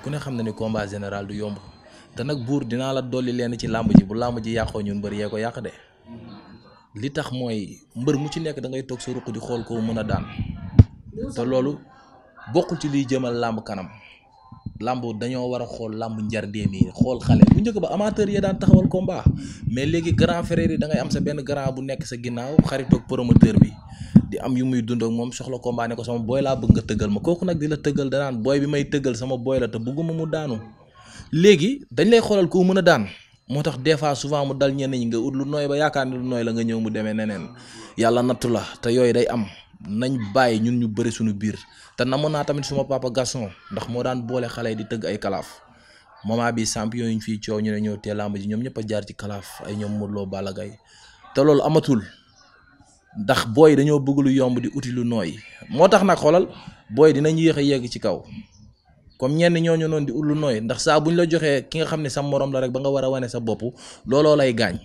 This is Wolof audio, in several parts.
ku ne xam na ni combat général du yomb te nag buur dinaa la dolli leen ci làmb ji bu làmb ji yàqoo ñun mbër yee ko yàq de li tax mooy mbër mu ci nekk dangay toog sa ruq di xool koo mën a daan te loolu bokkul ci liy jëmal làmb kanam làmb dañoo war a xool làmb njardeem yi xool xale bu njëkk ba amateur yi daan taxawal combat mais léegi grand frère yi da ngay am sa benn grand bu nekk sa ginnaaw xaritoog promoteur bi di am yu muy dund ak moom soxla combat ne ko sama booy laa bëgg nga tëggal ma kooku nag di la tëggal danaan booy bi may tëggal sama booy la te bëgguma mu daanu léegi dañ lay xoolal koo mën a daan moo tax des fois souvent mu dal ñenn ñi nga ut lu nooy ba yaakaar ni lu nooy la nga ñëw mu demee neneen yàlla nattu la te yooyu day am nañ bàyyi ñun ñu bëri suñu biir te namoon naa tamit suma papa ndax moo daan boole xale di tëgg ay kalaaf moment bi champion yu ñu fiy coow ñu ne ñëw te làmb ji ñoom ñëpp jaar ci kalaaf ay ñoom Modou Lo Balla te loolu amatul ndax booy dañoo bëgg lu yomb di uti lu nooy moo tax nag xoolal booy dinañ yéex a ci kaw comme ñenn ñooñu noonu di ut lu nooy ndax saa bu ñu la joxee ki nga xam ne sa morom la rek ba nga war a wane sa bopp looloo lay gaañ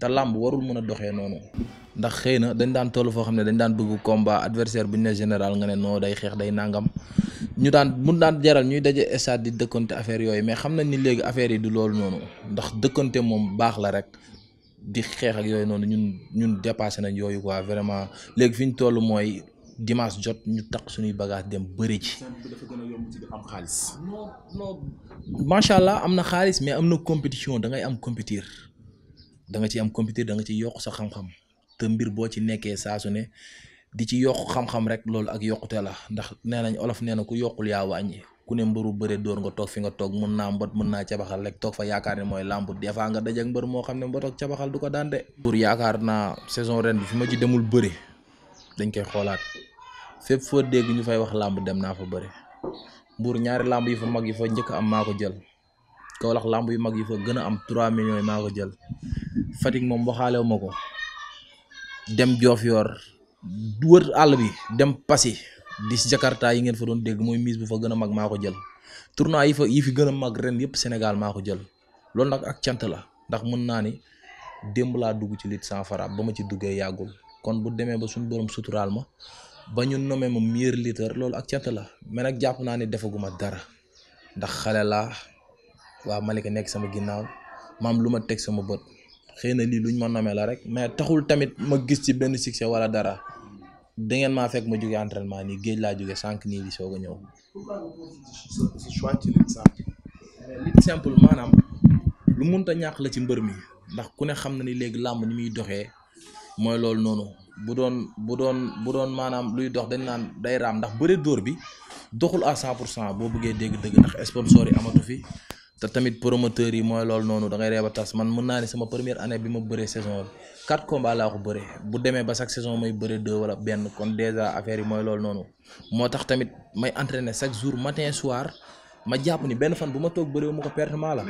te làmb warul mën a doxee noonu ndax xëy na dañ daan toll foo xam ne dañ daan bëgg combat adversaire bu ñu ne général nga ne noo day xeex day nangam ñu daan mun daan jaral ñuy daje stade di dëkkante affaire yooyu mais xam nañ ni léegi affaire yi du loolu noonu ndax dëkkante moom baax la rek di xeex ak yooyu noonu ñun ñun dépassé nañ yooyu quoi vraiment léegi fi ñu toll mooy dimanche jot ñu takk suñuy bagage dem bëri ci. dafa am xaalis. non macha allah am na xaalis mais am na compétition da ngay am compétir da nga ci am compétir da nga ci yokk sa xam-xam te mbir boo ci nekkee saa ne di ci yokk xam-xam rek loolu ak yokkute la ndax nee nañ olof nee na ku yokkul yaa wàññi. ku ne mbëru bëre dóor nga toog fi nga toog mën naa mbot mën naa cabaxal rek toog fa yaakaar ne mooy làmb des fois nga dajak mbër moo xam ne mbot ak cabaxal du ko daan de pour yaakaar na saison ren bi fi ma ci demul bëre dañ koy xoolaat fépp foo dégg ñu fay wax làmb dem naa fa bëre mbuur ñaari làmb yi fa mag yi fa njëkk am maa ko jël Kaolack làmb yu mag yi fa gën a am 3 millions yi maa ko jël Fatick moom waxaalewu ma ko dem Diofior wër àll bi dem Passy dix jakarta yi ngeen fa doon dégg mooy mise bu fa gën a mag maa ko jël tournoi yi fa yi fi gën a mag ren yëpp Sénégal maa ko jël loolu nag ak cant la ndax mën naa ni démb laa dugg ci lutte sans frappe ba ma ci duggee yàggul kon bu demee ba suñu borom suturaal ma ba ñu nomee ma meilleur lutteur loolu ak cant la mais nag jàpp naa ne defaguma dara ndax xale la waa Malika nekk sama ginnaaw maam lu ma teg sama bët xëy na lii luñ ma nomee la rek mais taxul tamit ma gis ci benn succès wala dara. da ngeen maa fekk ma jóge entraînement nii géej laa jóge sànq nii di soog a ñëw. lutte simple maanaam lu mënta ñàkk la ci mbër mi ndax ku ne xam na ni léegi làmb ni muy doxee mooy loolu noonu bu doon bu doon bu doon maanaam luy dox dañ naan day raam ndax bëre dóor bi doxul à 100 pour cent boo bëggee dégg-dëgg ndax sponsor yi amatu fi. te tamit promoteur yi mooy loolu noonu da ngay reeba tas man mën naa ne sama première année bi ma bëree saison bi quatre combats laa ko bëree bu demee ba chaque saison may bëree deux wala benn kon déjà affaire yi mooy lool noonu moo tax tamit may entraîner chaque jour matin soir ma jàpp ni benn fan bu ma toog bëree mu ko pertement la